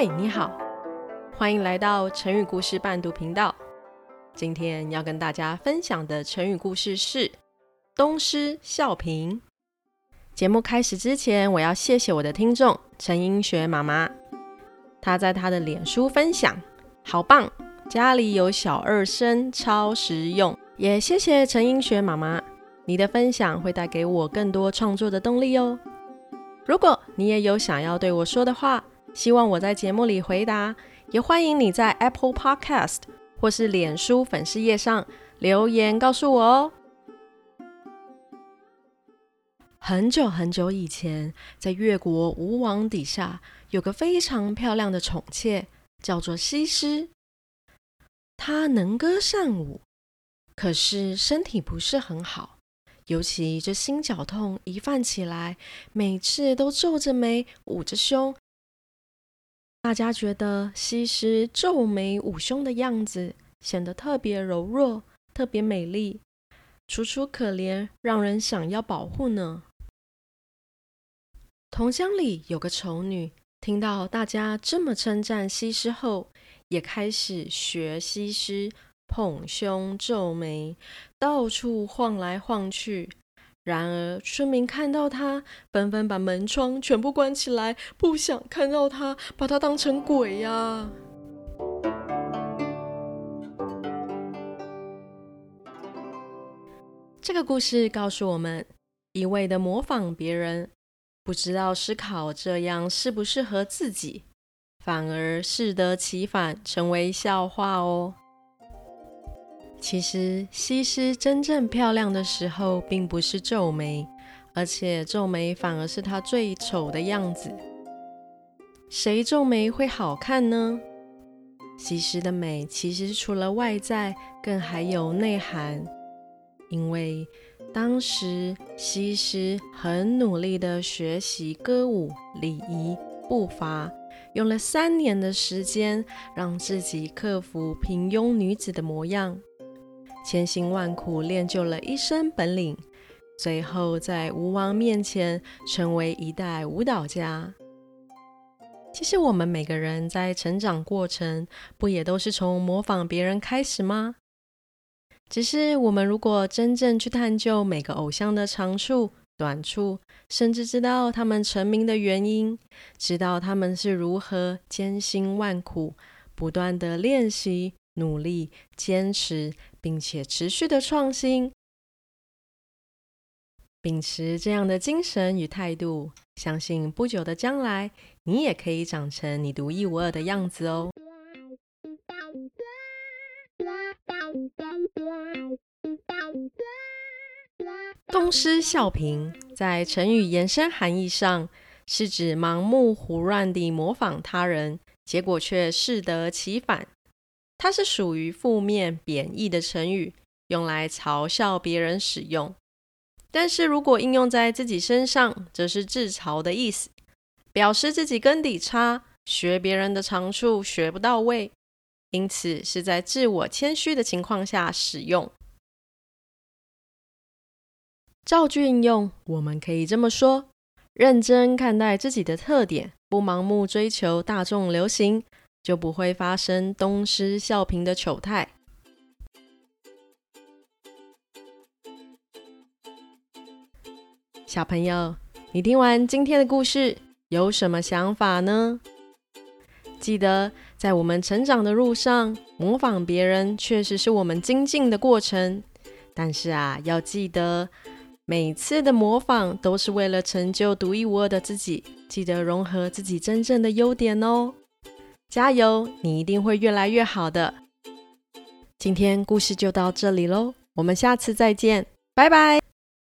嗨，Hi, 你好，歡迎來到成語故事伴讀頻道。今天要跟大家分享的成語故事是東“東施效顰”。節目開始之前，我要謝謝我的聽眾陳英學媽媽，她在她的臉書分享，好棒，家裡有小二生，超實用。也謝謝陳英學媽媽，你的分享會帶給我更多創作的動力哦。如果你也有想要對我說的話，希望我在節目裡回答，也歡迎你在 Apple Podcast 或是臉書粉絲頁上留言告訴我哦。很久很久以前，在越國吳王底下有個非常漂亮的寵妾，叫做西施。她能歌善舞，可是身體不是很好，尤其這心絞痛一犯起來，每次都皺着眉，捂着胸。大家覺得西施皺眉捂胸的樣子，顯得特別柔弱，特別美麗，楚楚可憐，讓人想要保護呢。同鄉裡有個醜女，聽到大家這麼稱讚西施後，也開始學西施捧胸皺眉，到處晃來晃去。然而，村民看到他，紛紛把門窗全部關起來，不想看到他，把他當成鬼呀。這個故事告訴我們，一味的模仿別人，不知道思考這樣適不適合自己，反而適得其反，成為笑話哦。其實，西施真正漂亮的時候，並不是皺眉，而且皺眉反而是她最醜的樣子。誰皺眉會好看呢？西施的美其實除了外在，更還有內涵。因為當時西施很努力地學習歌舞、禮儀、步伐，用了三年的時間，讓自己克服平庸女子的模樣。千辛萬苦練就了一身本領，最後在吳王面前成為一代舞蹈家。其實我們每個人在成長過程，不也都是從模仿別人開始嗎？只是我們如果真正去探究每個偶像的長處、短處，甚至知道他們成名的原因，知道他們是如何千辛萬苦、不斷地練習。努力、堅持，並且持續的創新，秉持這樣的精神與態度，相信不久的將來，你也可以長成你獨一無二的樣子哦。 東施效顰，在成語延伸含義上，是指盲目胡亂地模仿他人，結果卻適得其反。它是屬於負面貶義的成語，用來嘲笑別人使用。但是如果應用在自己身上，則是自嘲的意思，表示自己根底差，學別人的長處學不到位，因此是在自我謙虛的情況下使用。造句應用，我們可以這麼說：認真看待自己的特點，不盲目追求大眾流行。就不會發生東施效顰的醜態。小朋友，你聽完今天的故事，有什麼想法呢？記得在我們成長的路上，模仿別人確實是我們精進的過程，但是啊，要記得每次的模仿都是為了成就獨一無二的自己，記得融合自己真正的優點哦。加油，你一定會越來越好的。今天故事就到這裡嘍，我們下次再見，拜拜。